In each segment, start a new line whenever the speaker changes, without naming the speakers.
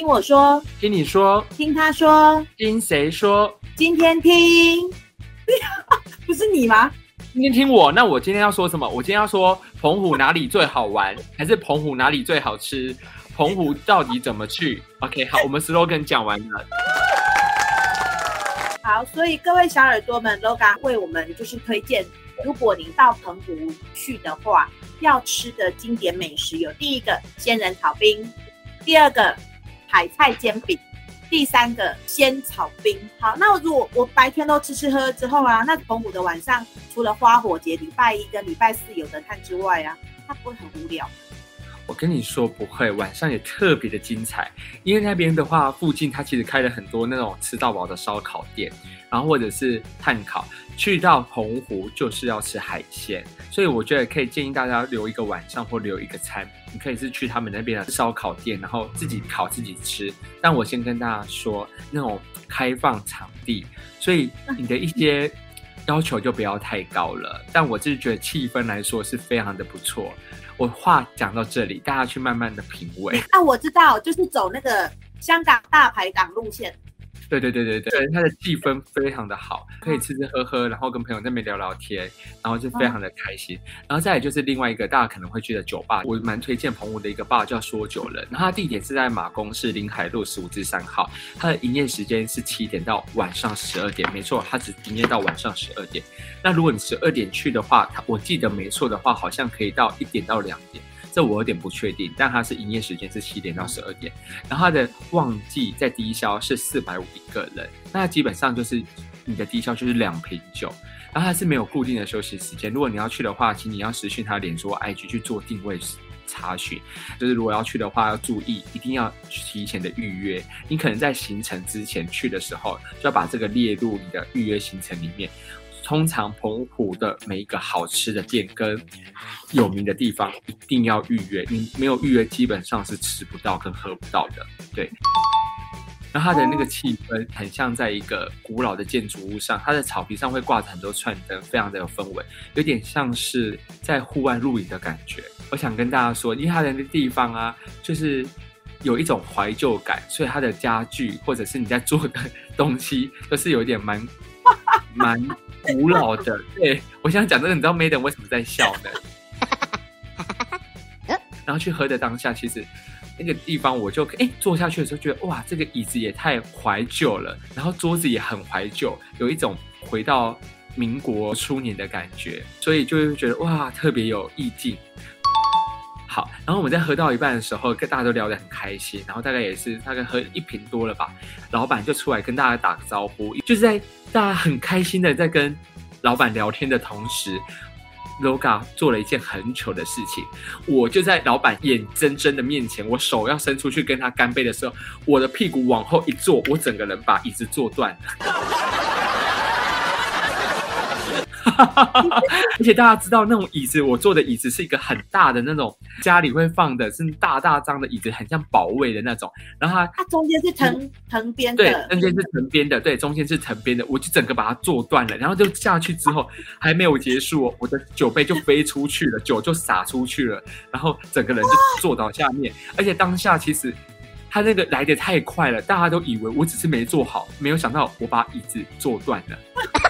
聽我說，聽你說，聽他說，聽誰說？今天聽，呀， 不是你嗎？今天聽我，那我今天要說什麼？我今天要說澎湖哪裡最好玩，還是澎湖哪裡最好吃？澎湖到底怎麼去 ？OK，好，我們 slogan 講完了。
好，所以各位小耳朵們，Loga 為我們就是推薦，如果您到澎湖去的話，要吃的經典美食有第一個仙人草冰，第二個。海菜煎餅，第三個鮮草冰。好，那如果我白天都吃吃喝喝之後啊，那澎湖的晚上除了花火節禮拜一跟禮拜四有的看之外啊，它不會很無聊。
我跟你說不會，晚上也特別的精彩，因為那邊的話，附近它其實開了很多那種吃到飽的燒烤店，然後或者是炭烤。去到澎湖就是要吃海鮮，所以我覺得可以建議大家留一個晚上或留一個餐。你可以是去他們那邊的燒烤店，然後自己烤自己吃。但我先跟大家說，那種開放場地，所以你的一些要求就不要太高了。 但我就是覺得氣氛，來說是非常的不錯。我話講到這裡，大家去慢慢的品味。
那、啊、我知道，就是走那個香港大排檔路線。
對對對對對，它的氣氛非常的好，可以吃吃喝喝，然後跟朋友在那邊聊聊天，然後就非常的開心。嗯、然後再來就是另外一個大家可能會去的酒吧，我蠻推薦澎湖的一個 bar 叫說酒人，然後它地點是在馬公市林海路十五之三號，它的營業時間是七點到晚上十二點，沒錯，它只營業到晚上十二點。那如果你十二點去的話，它我記得沒錯的話，好像可以到一點到兩點。這我有點不確定，但它是營業時間是七點到十二點，然後它的旺季在低消是四百五一個人，那基本上就是你的低消就是兩瓶酒，然後它是沒有固定的休息時間，如果你要去的話，請你要私訊它臉書 IG 去做訂位查詢，就是如果要去的話要注意，一定要提前的預約，你可能在行程之前去的時候就要把這個列入你的預約行程裡面。通常澎湖的每一個好吃的店跟有名的地方，一定要預約。你沒有預約，基本上是吃不到跟喝不到的。對，然後它的那個氣氛很像在一個古老的建築物上，它的草皮上會掛着很多串燈，非常的有氛圍，有點像是在戶外露營的感覺。我想跟大家說，因為它的那個地方啊，就是有一種懷舊感，所以它的家具或者是你在做的東西，都是有一點蠻。蠻古老的，對，我想講這個，你知道 Madam 為什麼在笑呢？ 然後去喝的當下，其實那個地方我就哎坐下去的時候，覺得哇，這個椅子也太懷舊了，然後桌子也很懷舊，有一種回到民國初年的感覺，所以就是覺得哇，特別有意境。好，然後我們在喝到一半的時候，跟大家都聊得很開心，然後大概也是大概喝一瓶多了吧，老闆就出來跟大家打個招呼，就是在。大家很開心的在跟老闆聊天的同時，Loga 做了一件很糗的事情。我就在老闆眼睜睜的面前，我手要伸出去跟他乾杯的時候，我的屁股往後一坐，我整個人把椅子坐斷了。 而且大家知道那種椅子，我坐的椅子是一個很大的那種，家裡會放的是大大張的椅子，很像保衛的那種。然後它它中間是藤、嗯、藤
編，藤的，對，中
間是藤編的，對，中間是藤編的，我就整個把它坐斷了。然後就下去之後還沒有結束、哦，我的酒杯就飛出去了，酒就灑出去了，然後整個人就坐到下面。哦、而且當下其實它那個來得太快了，大家都以為我只是沒坐好，沒有想到我把椅子坐斷了。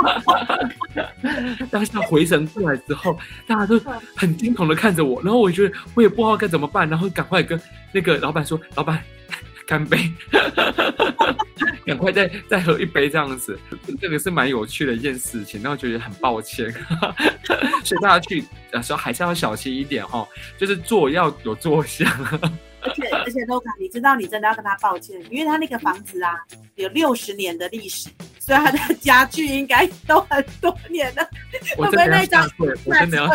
當下回神過來之後，大家都很驚恐的看着我，然後我覺得我也不知道該怎麼辦，然後趕快跟那個老板說：“老板，乾杯，趕 快再再喝一杯這樣子。” 這個是蠻有趣的一件事情，然後我覺得很抱歉， 所以大家去的時候還是要小心一點哦，就是坐要有坐相， 而且而且，Loga，
你知道，你真的要跟他抱歉，因為他那個房子啊，有六十年的歷史。對他的家具應該都很多年了。我那張真的要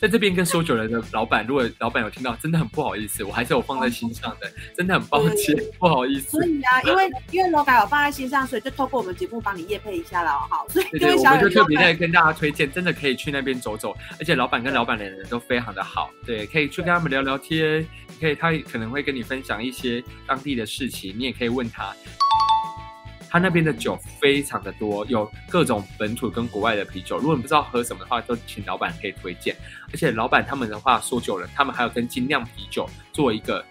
在這邊跟說酒人的老板，如果老板有聽到，真的很不好意思，我還是有放在心上的， 真的很抱歉，對對對對不好意思。所以啊，
因為因為老板有放在心上，所以就透過我們節目幫你業配一下了，好，所以小對對我們就特別在
跟大家推薦， 真的可以去那邊走走，而且老板跟老板的人都非常的好，對，可以去跟他們聊聊天，對可以他可能會跟你分享一些當地的事情，你也可以問他。他那邊的酒非常的多，有各種本土跟國外的啤酒。如果你不知道喝什麼的話，都請老板可以推薦。而且老板他們的話說久了，他們還有跟精釀啤酒做一個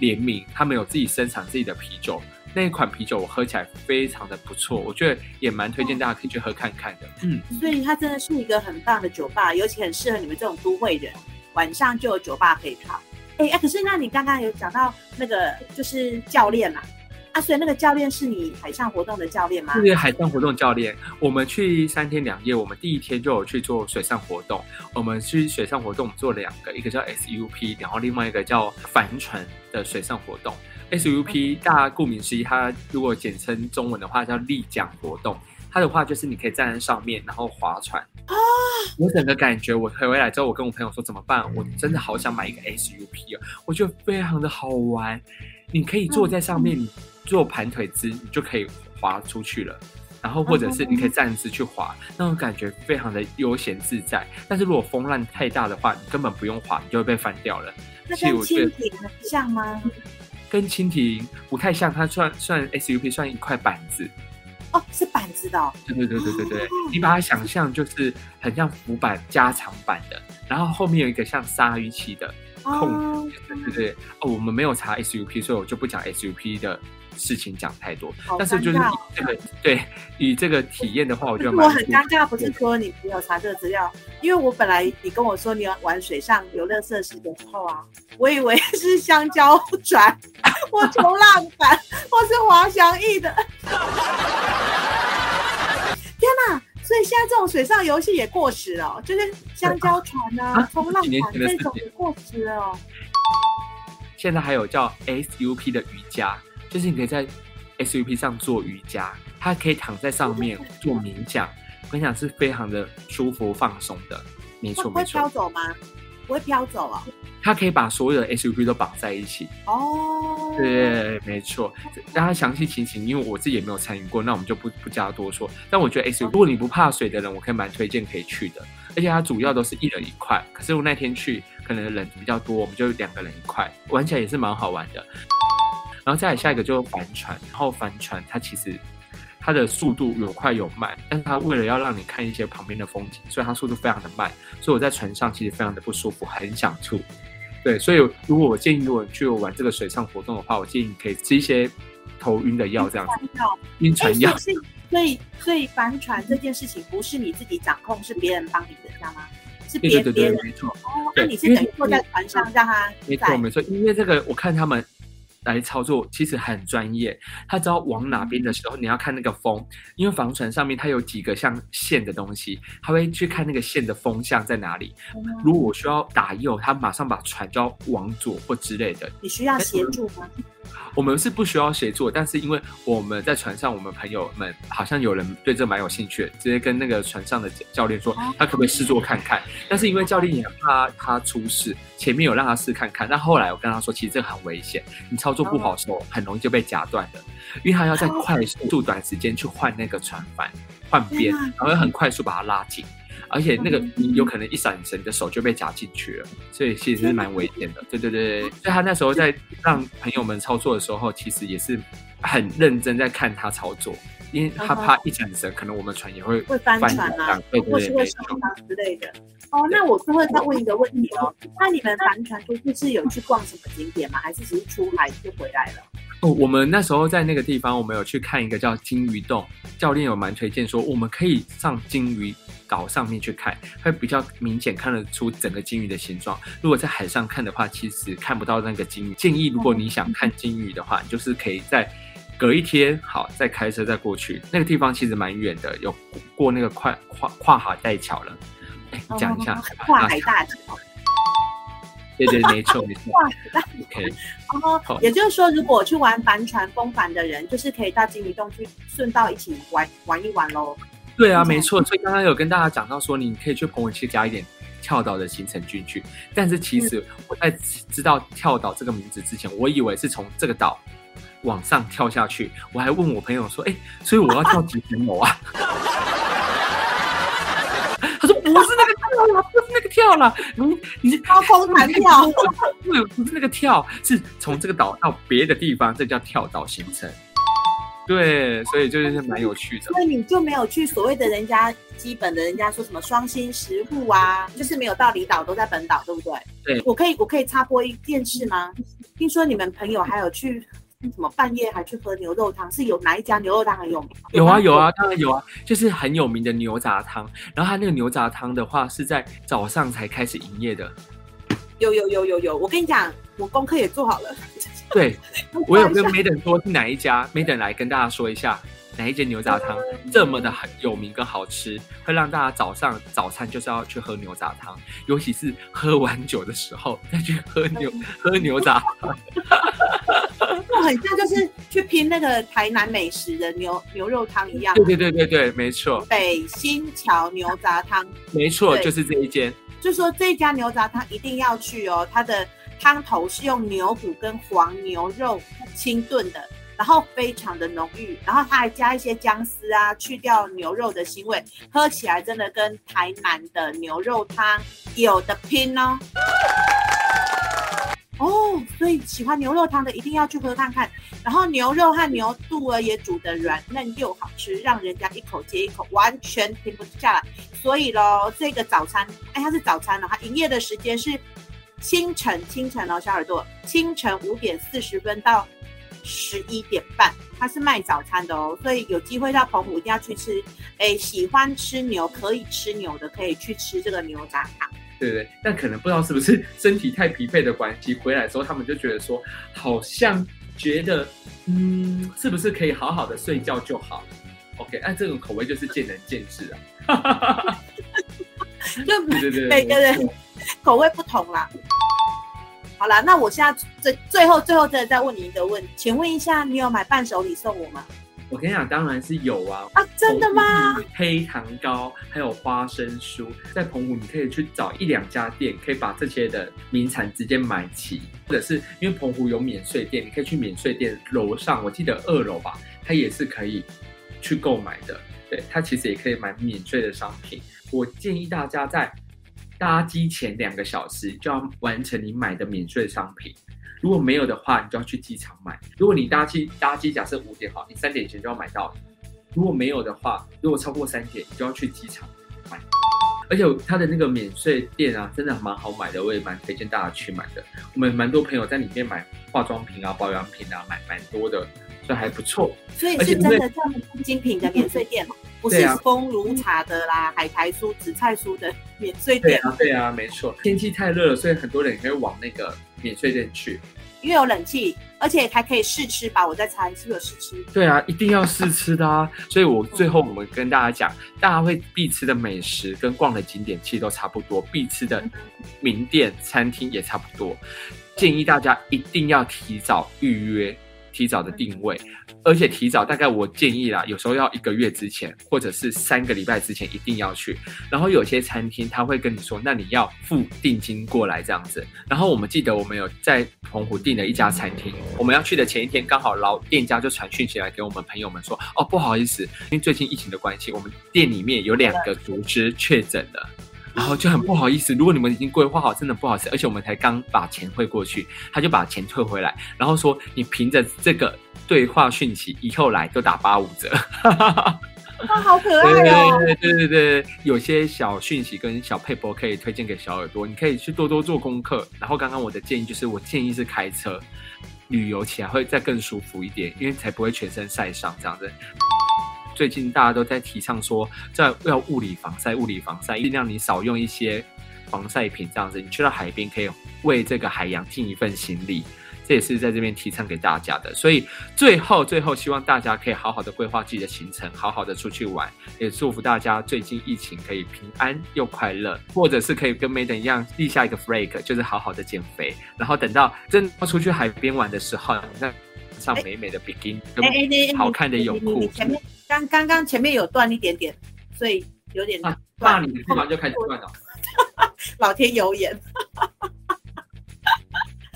聯名，他們有自己生產自己的啤酒。那一款啤酒我喝起來非常的不錯，我覺得也蠻推薦大家可以去喝看看的。嗯，所
以他真的是一個很棒的酒吧，尤其很適合你們這種都會人，晚上就有酒吧可以泡。哎哎，可是那你剛剛有講到那個就是教練啦、啊。啊，所以那個教練是你
海上活動的教練嗎？是海上活動教練。我們去三天兩夜，我們第一天就有去做水上活動。我們去水上活動我們做了兩個，一個叫 SUP，然後另外一個叫帆船的水上活動。SUP 大家顧名思義，它如果簡稱中文的話叫立槳活動。它的話就是你可以站在上面，然後划船。啊！我整個感覺，我回來之後，我跟我朋友說怎麼辦？我真的好想買一個 SUP 啊，哦！我覺得非常的好玩，你可以坐在上面。啊、嗯。做盤腿姿，你就可以滑出去了。然後或者是你可以站姿去滑，uh huh. 那種感覺非常的悠閒自在。但是如果風浪太大的話，你根本不用滑，你就會被翻掉了。那跟蜻蜓像
嗎？其實我覺
得跟蜻蜓不太像，它算算 SUP 算一塊板子。
哦、uh，是板子的。
對對對對對對，uh huh. 你把它想象就是很像浮板加長版的，uh huh. 然後後面有一個像鯊魚鰭的
控。Uh huh. 對對
對。哦，我們沒有查 SUP，所以我就不講 SUP 的。事情講太多，但是就是你這個、哦、對你這個體驗的話，我覺得我很尷
尬，不是說你沒有查這個資料，對因為我本來你跟我說你要玩水上遊樂設施的時候啊，我以為是香蕉船、或衝浪板或 是滑翔翼的。 天哪、啊！所以現在這種水上遊戲也過時了、哦，就是香蕉船啊、衝、嗯啊、浪板那種也
過時了、哦。現在還有叫 SUP 的瑜伽。就是你可以在 SUP 上做瑜伽，他可以躺在上面、嗯、做冥、嗯、想，我跟你講是非常的舒服放鬆的。沒錯，它會飄
走嗎？不會飄走
啊。他可以把所有的 SUP 都綁在一起。哦，對，沒錯。讓他詳細情形，因為我自己也沒有參與過，那我們就不不加多說。但我覺得 SUP，如果你不怕水的人，嗯、我可以蠻推薦可以去的。而且它主要都是一人一塊，可是我那天去可能人比較多，我們就兩個人一塊，玩起來也是蠻好玩的。然後再下一個就帆船，然後帆船它其實它的速度有快有慢，但是它為了要讓你看一些旁邊的風景，所以它速度非常的慢，所以我在船上其實非常的不舒服，很想吐。對，所以如果我建議如果去我玩這個水上活動的話，我建議你可以吃一些頭暈的藥，這樣子。暈、嗯嗯、船
藥。所以所以所以帆船這件事情不是你自己掌控，是別人幫你的，知道嗎？是別別人。對對對，沒錯。哦，那對、啊、你是等於坐在船上為讓
他。沒錯沒錯，因為這個我看他們。來操作其實很專業，他知道往哪邊的時候，你要看那個風，因為帆船上面它有幾個像線的東西，他會去看那個線的風向在哪裡。如果我需要打右，他馬上把船就要往左或之類的。你
需要協助嗎？
我們是不需要協助，但是因為我們在船上，我們朋友們好像有人對這蠻有興趣，直接跟那個船上的教練說，他可不可以試坐看看？但是因為教練也怕他出事，前面有讓他試看看，但後來我跟他說，其實這很危險，你操作不好的時候很容易就被夾斷的，因為他要在快速短時間去換那個船帆，換邊，然後很快速把它拉緊。而且那個有可能一閃神，你的手就被夾進去了，所以其實是蠻危險的。對對對，所以他那時候在讓朋友們操作的時候，其實也是很認真在看他操作，因為他怕一閃神，可能我們船也會翻船，會翻船啊，或是會碰撞之類的。對哦，那我最後再
問一個問題哦，對那你們帆船出去是有去逛什麼景點嗎？還是只是出海就回來了？
哦，我們那時候在那個地方，我們有去看一個叫鯨魚洞，教練有蠻推薦說我們可以上鯨魚島上面去看，會比較明顯看得出整個鯨魚的形狀。如果在海上看的話，其實看不到那個鯨魚。建議如果你想看鯨魚的話，嗯、你就是可以在隔一天，好，再開車再過去。那個地方其實蠻遠的，有過那個跨跨跨海大橋了。
講一下、哦、吧跨海大橋。
對對， 沒錯錯，跨海大橋。OK，然
後也就是說，如果去玩帆船、風帆的人，就是可以到鯨魚洞去順道一起玩玩一玩嘍。
對啊，沒錯。所以剛剛有跟大家講到說，你可以去朋友圈加一點跳島的行程進去。但是其實我在知道跳島這個名字之前，我以為是從這個島往上跳下去。我還問我朋友說：“哎，所以我要跳幾層樓啊？” 他說不：“不是那個跳啦 不是那個跳啦，你你是高空彈跳？不是那個跳，是從這個島到別的地方，這叫跳島行程。”對，所以就是蠻有趣的。所以
你就沒有去所謂的人家基本的人家說什麼雙心石滬啊，就是沒有到離島，都在本島，對不對？對，我可以，我可以插播一件事嗎？ 聽說你們朋友還有去什麼半夜還去喝牛肉湯，是有哪一家牛肉湯很有名？有啊有啊，當然有啊，
就是很有名的牛雜湯。然後他那個牛雜湯的話，是在早上才開始營業的。
有有有有有，我跟你講，我功課也做好了。
對，我有跟 Madam 說是哪一家 Madam 來跟大家說一下，哪一間牛雜湯這麼的很有名跟好吃，會、嗯、讓大家早上早餐就是要去喝牛雜湯，尤其是喝完酒的時候再去喝牛、嗯、喝牛雜，
很像就是去拼那個台南美食的牛牛肉湯一樣。對對對
對對，沒錯，
北新橋牛雜湯，沒錯，對就是這一間，就說這一家牛雜湯一定要去哦，它的。湯頭是用牛骨跟黃牛肉清燉的，然後非常的濃郁，然後他還加一些薑絲啊，去掉牛肉的腥味，喝起來真的跟台南的牛肉湯有得拼哦。 哦，所以喜歡牛肉湯的一定要去喝看看。然後牛肉和牛肚啊也煮得軟嫩又好吃，讓人家一口接一口完全停不下來。所以咯，這個早餐，哎，它是早餐呢、哦，它營業的時間是。清晨，清晨哦，小耳朵，清晨五點四十分到十一點半，它是賣早餐的哦，所以有機會到澎湖一定要去吃。哎，喜歡吃牛，可以吃牛的，可以去吃這個牛雜湯。
對對，但可能不知道是不是身體太疲憊的關係，回來之後他們就覺得說，好像覺得，嗯，是不是可以好好的睡覺就好了？OK，按這種口味就是見仁見智啊。對對對哈哈。就對對對。我對對對
口味不同啦，好啦，那我現在最最後最後再再問你一個問題，請問一下，你有買伴手禮送我嗎？
我跟你講，當然是有啊！啊，真的嗎？黑糖糕還有花生酥，在澎湖你可以去找一兩家店，可以把這些的名產直接買齊。或者是因為澎湖有免稅店，你可以去免稅店樓上，我記得二樓吧，它也是可以去購買的。對，它其實也可以買免稅的商品。我建議大家在。搭機前兩個小時就要完成你買的免稅商品，如果沒有的話，你就要去機場買。如果你搭機，搭機假設五點好，你三點前就要買到，如果沒有的話，如果超過三點，你就要去機場買。而且它的那個免稅店啊，真的還蠻好買的，我也蠻推薦大家去買的。我們蠻多朋友在裡面買化妝品啊、保養品啊，買蠻多的，所以還不錯。所以
是，是真的這樣很精品的免稅店，嗯、不是風茹茶的啦、嗯、海苔酥、紫菜酥的免稅店。
對啊，對啊，沒錯。天氣太熱了，所以很多人可以往那個免稅店去。
越有冷氣，而且還可以試吃吧？我在猜，是不是有試吃？
對啊，一定要試吃的啊！ 所以我最後我們跟大家講，大家會必吃的美食跟逛的景點其實都差不多，必吃的名店餐廳也差不多，嗯、建議大家一定要提早預約。提早的定位，而且提早大概我建議啦，有時候要一個月之前，或者是三個禮拜之前一定要去。然後有些餐廳他會跟你說，那你要付定金過來這樣子。然後我們記得我們有在澎湖訂了一家餐廳，我們要去的前一天剛好老店家就傳訊息來給我們朋友們說，哦，不好意思，因為最近疫情的關係，我們店裡面有兩個廚師確診了。然後就很不好意思，如果你們已經規劃好，真的不好意思，而且我們才剛把錢匯過去，他就把錢退回來，然後說你憑着這個對話訊息，以後來就打八五折，
啊，好可愛哦！對對
對，對，對對對，有些小訊息跟小撇步可以推薦給小耳朵，你可以去多多做功課。然後剛剛我的建議就是，我建議是開車旅遊起來會再更舒服一點，因為才不會全身曬傷這樣子。最近大家都在提倡說，在要物理防曬，物理防曬，盡量你少用一些防曬品，這樣子你去到海邊可以為這個海洋盡一份心力，這也是在這邊提倡給大家的。所以最後，最後希望大家可以好好的規劃自己的行程，好好的出去玩，也祝福大家最近疫情可以平安又快樂，或者是可以跟 Madam 一樣立下一個 flag，就是好好的減肥，然後等到真的要出去海邊玩的時候，那上美美的比基尼跟好看的泳褲。欸欸欸欸
剛剛剛前面有斷一點點，所以有點
斷。後面、啊、就開始斷
了。 老天有眼。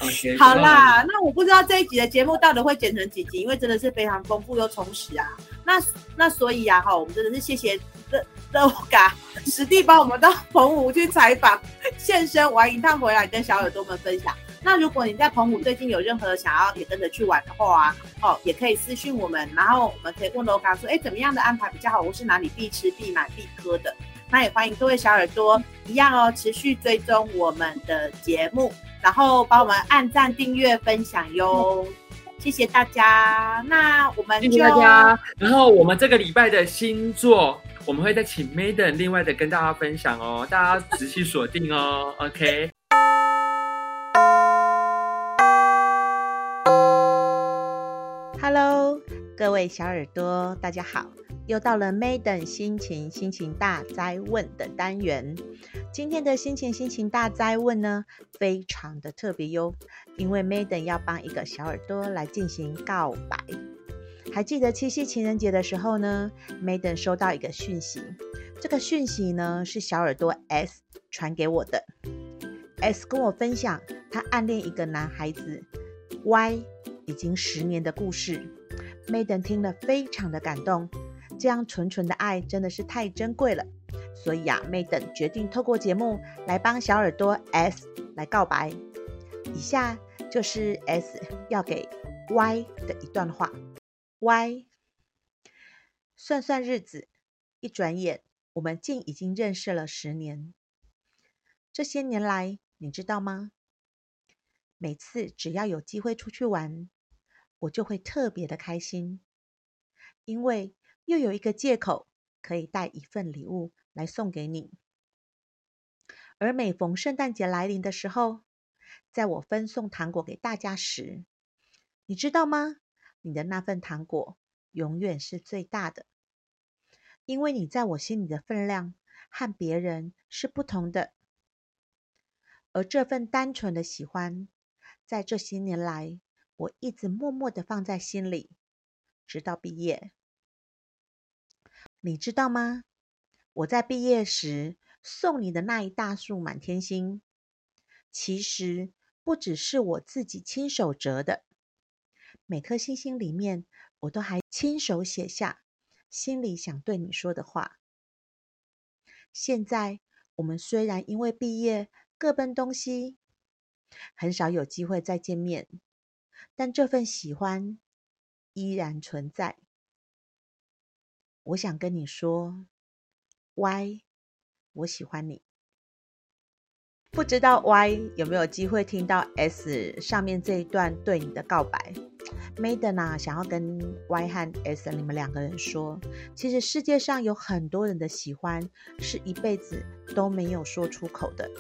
Okay, 好啦，嗯、
那我不知道這一集的節目到底會剪成幾集，因為真的是非常豐富又充實啊。那那所以啊，哈，我們真的是謝謝 Loga 實地幫我們到澎湖去採訪，現身玩一趟回來跟小耳朵們分享。那如果你在澎湖最近有任何想要也跟着去玩的話啊，哦，也可以私訊我們，然後我們可以問 local 說，誒怎麼樣的安排比較好？我是哪裡必吃、必買、必喝的？那也歡迎各位小耳朵、嗯、一樣哦，持續追蹤我們的節目，然後幫我們按讚、訂閱、分享喲，嗯、謝謝大家。那我們就謝謝大家，
然後我們這個禮拜的星座，我們會再請 Madam 另外的跟大家分享哦，大家仔細鎖定哦 ，OK。
Hello，各位小耳朵，大家好！又到了 Madam 心情星情大哉問的單元。今天的心情星情大哉問呢，非常的特別喲，因為 Madam 要幫一個小耳朵來進行告白。還記得七夕情人節的時候呢，Madam 收到一個訊息，這個訊息呢是小耳朵 S 傳給我的。S 跟我分享，他暗戀一個男孩子 Y。已經十年的故事，Madam 聽了非常的感動。這樣純純的愛真的是太珍貴了，所以呀，Madam 決定透過節目來幫小耳朵 S 來告白。以下就是 S 要給 Y 的一段話：Y，算算日子，一轉眼我們竟已經認識了十年。這些年來，你知道嗎？每次只要有機會出去玩，我就會特別的開心，因為又有一個借口可以帶一份禮物來送給你。而每逢聖誕節來臨的時候，在我分送糖果給大家時，你知道嗎？你的那份糖果永遠是最大的，因為你在我心裡的分量和別人是不同的。而這份單純的喜歡，在這些年來。我一直默默的放在心裡，直到畢業。你知道嗎？我在畢業時送你的那一大束滿天星，其實不只是我自己親手折的，每顆星星裡面我都還親手寫下心裡想對你說的話。現在我們雖然因為畢業各奔東西，很少有機會再見面。但這份喜歡依然存在。我想跟你說，Y，我喜歡你。不知道 Y 有沒有機會聽到 S 上面這一段對你的告白？Madam 啊，想要跟 Y 和 S 你們兩個人說，其實世界上有很多人的喜歡是一輩子都沒有說出口的，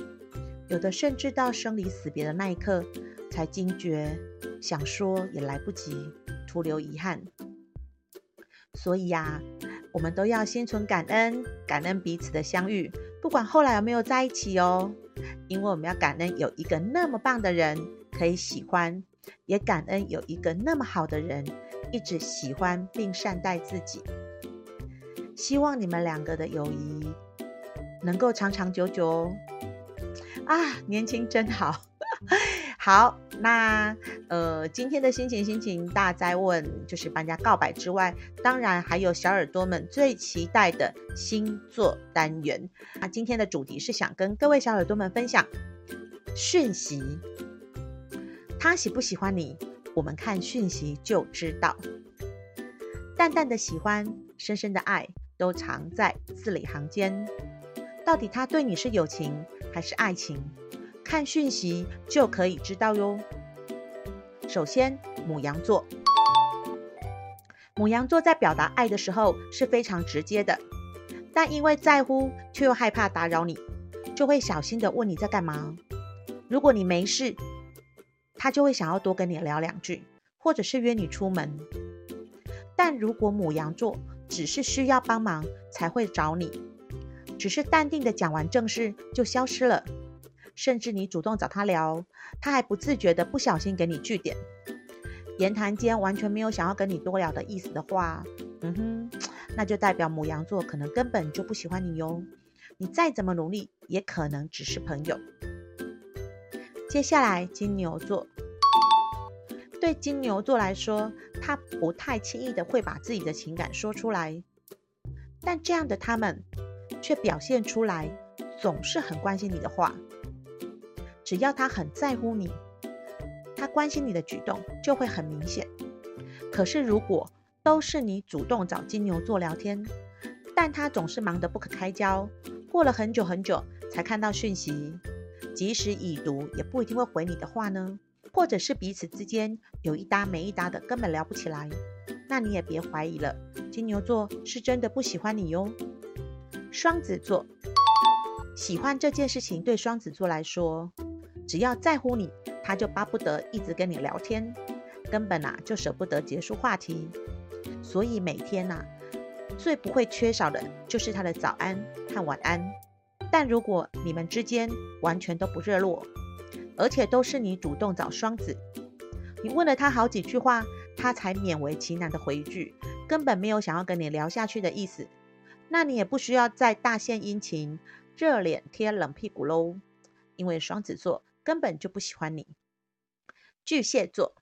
有的甚至到生離死別的那一刻。才驚覺，想說也來不及，徒留遺憾。所以呀、啊，我們都要心存感恩，感恩彼此的相遇，不管後來有沒有在一起哦。因為我們要感恩有一個那麼棒的人可以喜歡，也感恩有一個那麼好的人一直喜歡並善待自己。希望你們兩個的友誼能夠長長久久哦！啊，年輕真好。 好，那呃，今天的心情星情大哉問，就是搬家告白之外，當然還有小耳朵們最期待的星座單元。那今天的主題是想跟各位小耳朵們分享訊息，他喜不喜歡你？我們看訊息就知道。淡淡的喜歡，深深的愛，都藏在字裡行間。到底他對你是友情還是愛情？看訊息就可以知道喲。首先，牡羊座，牡羊座在表達愛的時候是非常直接的，但因為在乎卻又害怕打擾你，就會小心地問你在幹嘛。如果你沒事，他就會想要多跟你聊兩句，或者是約你出門。但如果牡羊座只是需要幫忙才會找你，只是淡定地講完正事就消失了。甚至你主動找他聊，他還不自覺的不小心給你句點，言談間完全沒有想要跟你多聊的意思的話，嗯哼，那就代表牡羊座可能根本就不喜歡你喲。你再怎麼努力，也可能只是朋友。接下來金牛座，對金牛座來說，他不太輕易的會把自己的情感說出來，但這樣的他們卻表現出來，總是很關心你的話。只要他很在乎你，他關心你的舉動就會很明顯。可是如果都是你主動找金牛座聊天，但他總是忙得不可開交，過了很久很久才看到訊息，即使已讀也不一定會回你的話呢？或者是彼此之間有一搭沒一搭的，根本聊不起來，那你也別懷疑了，金牛座是真的不喜歡你喲。雙子座，喜歡這件事情對雙子座來說。只要在乎你，他就巴不得一直跟你聊天，根本吶、啊、就捨不得結束話題。所以每天吶、啊，最不會缺少的就是他的早安和晚安。但如果你們之間完全都不熱絡，而且都是你主動找雙子，你問了他好幾句話，他才勉為其難的回一句，根本沒有想要跟你聊下去的意思，那你也不需要再大獻殷勤，熱臉貼冷屁股嘍，因為雙子座。根本就不喜歡你，巨蟹座。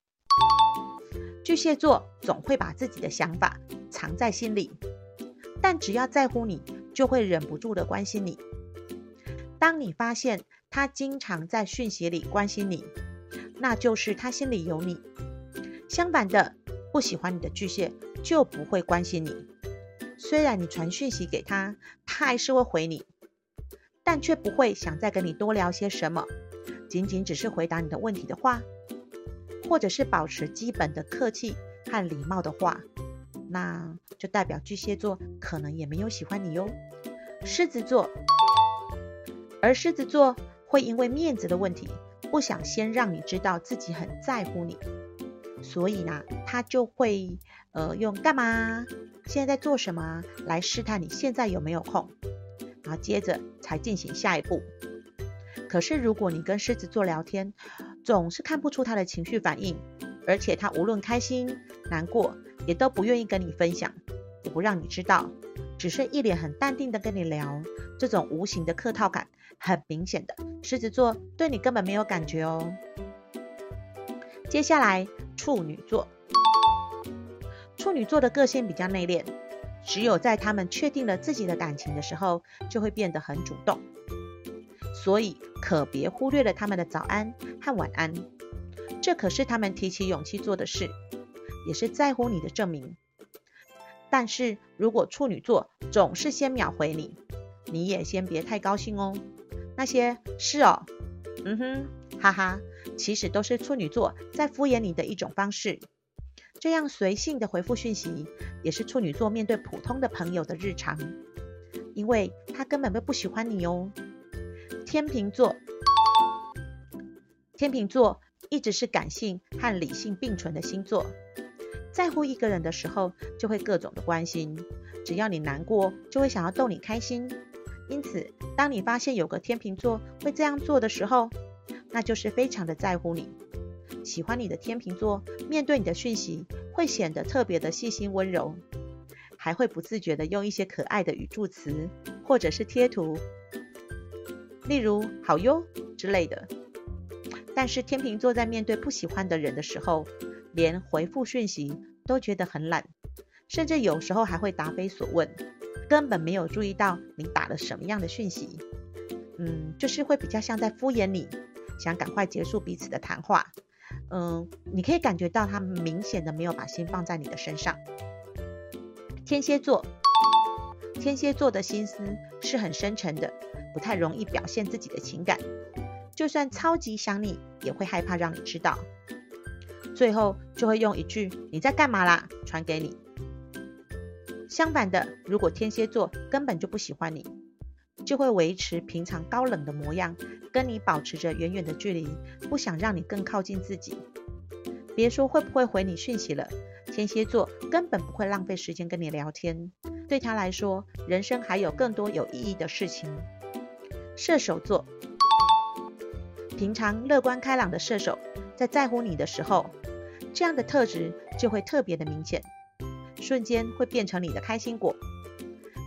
巨蟹座總會把自己的想法藏在心裡，但只要在乎你，就會忍不住的關心你。當你發現他經常在訊息裡關心你，那就是他心裡有你。相反的，不喜歡你的巨蟹就不會關心你。雖然你傳訊息給他，他還是會回你，但卻不會想再跟你多聊些什麼。僅僅只是回答你的問題的話，或者是保持基本的客氣和禮貌的話，那就代表巨蟹座可能也沒有喜歡你喲。獅子座，而獅子座會因為面子的問題，不想先讓你知道自己很在乎你，所以呢，他就會呃用幹嘛？現在在做什麼？來試探你現在有沒有空，然後接着才進行下一步。可是，如果你跟獅子座聊天，總是看不出他的情緒反應，而且他無論開心、難過，也都不願意跟你分享，也不讓你知道，只是一臉很淡定的跟你聊，這種無形的客套感，很明顯的，獅子座對你根本沒有感覺哦。接下來，處女座，處女座的個性比較內斂，只有在他們確定了自己的感情的時候，就會變得很主動。所以可別忽略了他們的早安和晚安，這可是他們提起勇氣做的事，也是在乎你的證明。但是如果處女座總是先秒回你，你也先別太高興哦。那些是哦，嗯哼，哈哈，其實都是處女座在敷衍你的一種方式。這樣隨性的回復訊息，也是處女座面對普通的朋友的日常，因為他根本就不喜歡你哦。天秤座，天秤座一直是感性和理性並存的星座，在乎一個人的時候就會各種的關心，只要你難過，就會想要逗你開心。因此，當你發現有個天秤座會這樣做的時候，那就是非常的在乎你。喜歡你的天秤座，面對你的訊息會顯得特別的細心溫柔，還會不自覺地用一些可愛的語助詞或者是貼圖。例如“好喲”之類的，但是天秤座在面對不喜歡的人的時候，連回復訊息都覺得很懶，甚至有時候還會答非所問，根本沒有注意到你打了什麼樣的訊息。嗯，就是會比較像在敷衍你，想趕快結束彼此的談話。嗯，你可以感覺到他明顯的沒有把心放在你的身上。天蠍座，天蠍座的心思是很深沉的。不太容易表現自己的情感，就算超級想你，也會害怕讓你知道，最後就會用一句“你在幹嘛啦”傳給你。相反的，如果天蠍座根本就不喜歡你，就會維持平常高冷的模樣，跟你保持着遠遠的距離，不想讓你更靠近自己。別說會不會回你訊息了，天蠍座根本不會浪費時間跟你聊天。對他來說，人生還有更多有意義的事情。射手座，平常樂觀開朗的射手，在在乎你的時候，這樣的特質就會特別的明顯，瞬間會變成你的開心果，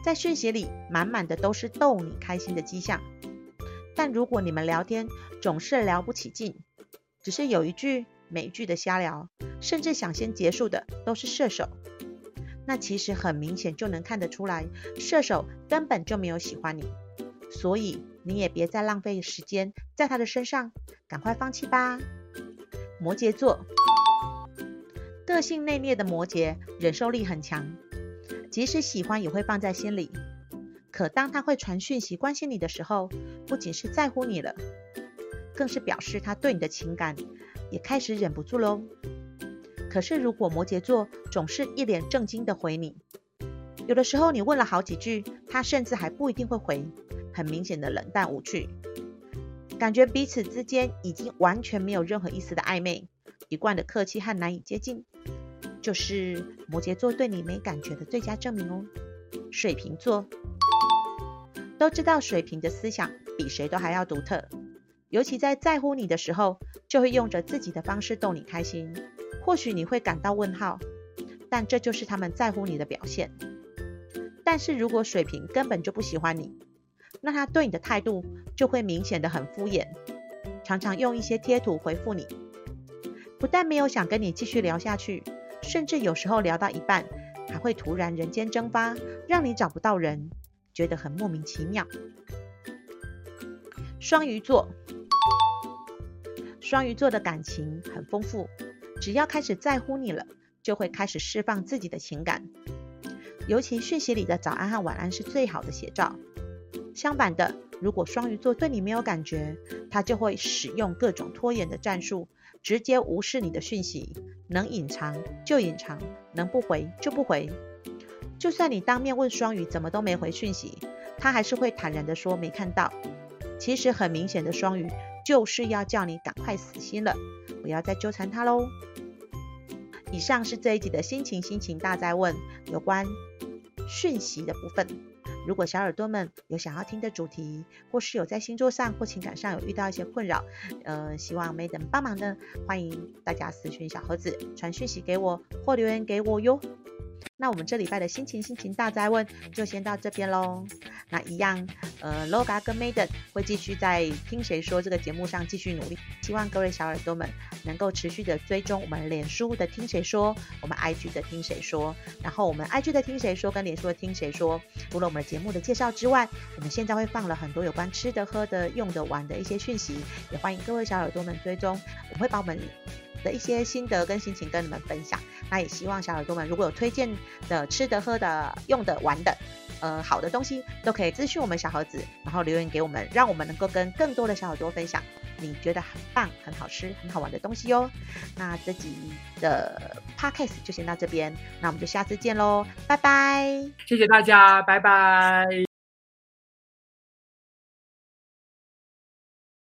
在訊息裡滿滿的都是逗你開心的跡象。但如果你們聊天總是聊不起勁，只是有一句、沒一句的瞎聊，甚至想先結束的都是射手，那其實很明顯就能看得出來，射手根本就沒有喜歡你。所以你也別再浪費時間在他的身上，趕快放棄吧。摩羯座，個性內斂的摩羯，忍受力很強，即使喜歡也會放在心裡。可當他會傳訊息關心你的時候，不僅是在乎你了，更是表示他對你的情感也開始忍不住嘍。可是如果摩羯座總是一臉正經地回你，有的時候你問了好幾句，他甚至還不一定會回。很明顯的冷淡無趣，感覺彼此之間已經完全沒有任何一絲的曖昧，一貫的客氣和難以接近，就是摩羯座對你沒感覺的最佳證明哦。水瓶座都知道，水瓶的思想比誰都還要獨特，尤其在在乎你的時候，就會用着自己的方式逗你開心。或許你會感到問號，但這就是他們在乎你的表現。但是如果水瓶根本就不喜歡你，那他對你的態度就會明顯的很敷衍，常常用一些貼圖回覆你，不但沒有想跟你繼續聊下去，甚至有時候聊到一半，還會突然人間蒸發，讓你找不到人，覺得很莫名其妙。雙魚座，雙魚座的感情很豐富，只要開始在乎你了，就會開始釋放自己的情感，尤其訊息裡的早安和晚安是最好的寫照。相反的，如果雙魚座對你沒有感覺，他就會使用各種拖延的戰術，直接無視你的訊息，能隱藏就隱藏，能不回就不回。就算你當面問雙魚怎麼都沒回訊息，他還是會坦然的說沒看到。其實很明顯的，雙魚就是要叫你趕快死心了，不要再糾纏他嘍。以上是這一集的心情星情大哉問有關訊息的部分。如果小耳朵們有想要聽的主題，或是有在星座上或情感上有遇到一些困擾，呃，希望 Madam 幫忙呢，歡迎大家私訊小盒子傳訊息給我或留言給我喲。那我們這禮拜的心情星情大哉問就先到這邊嘍。那一樣，呃，Loga 跟 Madam 會繼續在聽誰說這個節目上繼續努力。希望各位小耳朵們能夠持續的追蹤我們臉書的聽誰說，我們 IG 的聽誰說，然後我們 IG 的聽誰說跟臉書的聽誰說。除了我們的節目的介紹之外，我們現在會放了很多有關吃的、喝的、用的、玩的一些訊息，也歡迎各位小耳朵們追蹤。我們會把我們的一些心得跟心情跟你們分享。那也希望小耳朵們如果有推薦的吃的、喝的、用的、玩的，呃，好的東西都可以諮詢我們小盒子，然後留言給我們，讓我們能夠跟更多的小耳朵分享你覺得很棒、很好吃、很好玩的東西喲、哦。那這集的 Podcast 就先到這邊，那我們就下次見嘍，
拜拜！謝謝大家，拜拜。